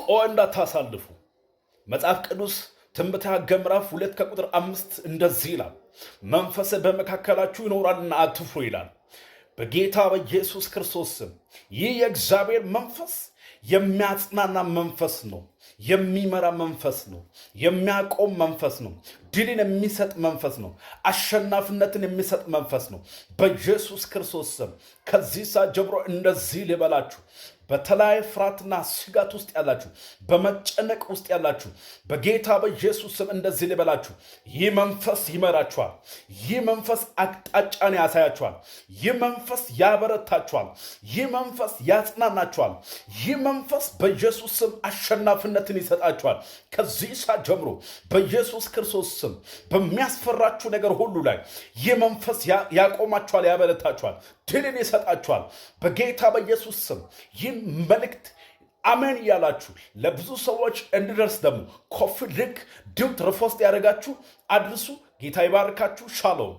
ቆ እንዳታሳልፉ መጽሐፍ ቅዱስ ትንቢተ ሐጌ ምዕራፍ ሁለት ከቁጥር አምስት እንደዚህ ይላል፣ መንፈሴ በመካከላችሁ ይኖራልና አትፍሩ ይላል። በጌታ በኢየሱስ ክርስቶስ ስም ይህ የእግዚአብሔር መንፈስ የሚያጽናና መንፈስ ነው። የሚመራ መንፈስ ነው። የሚያቆም መንፈስ ነው። ድልን የሚሰጥ መንፈስ ነው። አሸናፊነትን የሚሰጥ መንፈስ ነው። በኢየሱስ ክርስቶስ ስም ከዚህ ሰዓት ጀምሮ እንደዚህ ልበላችሁ። በተለያየ ፍርሃትና ስጋት ውስጥ ያላችሁ፣ በመጨነቅ ውስጥ ያላችሁ በጌታ በኢየሱስ ስም እንደዚህ ልበላችሁ። ይህ መንፈስ ይመራችኋል። ይህ መንፈስ አቅጣጫን ያሳያችኋል። ይህ መንፈስ ያበረታችኋል። ይህ መንፈስ ያጽናናችኋል። ይህ መንፈስ በኢየሱስ ስም አሸናፊነትን ይሰጣችኋል። ከዚህ ሰዓት ጀምሮ በኢየሱስ ክርስቶስ ስም ስም በሚያስፈራችሁ ነገር ሁሉ ላይ ይህ መንፈስ ያቆማችኋል፣ ያበረታችኋል፣ ድልን ይሰጣችኋል። በጌታ በኢየሱስ ስም ይህ መልእክት አሜን እያላችሁ ለብዙ ሰዎች እንድደርስ ደግሞ ኮፍ ልክ ድምፅ ርፎስጥ ያደረጋችሁ አድርሱ። ጌታ ይባርካችሁ። ሻሎም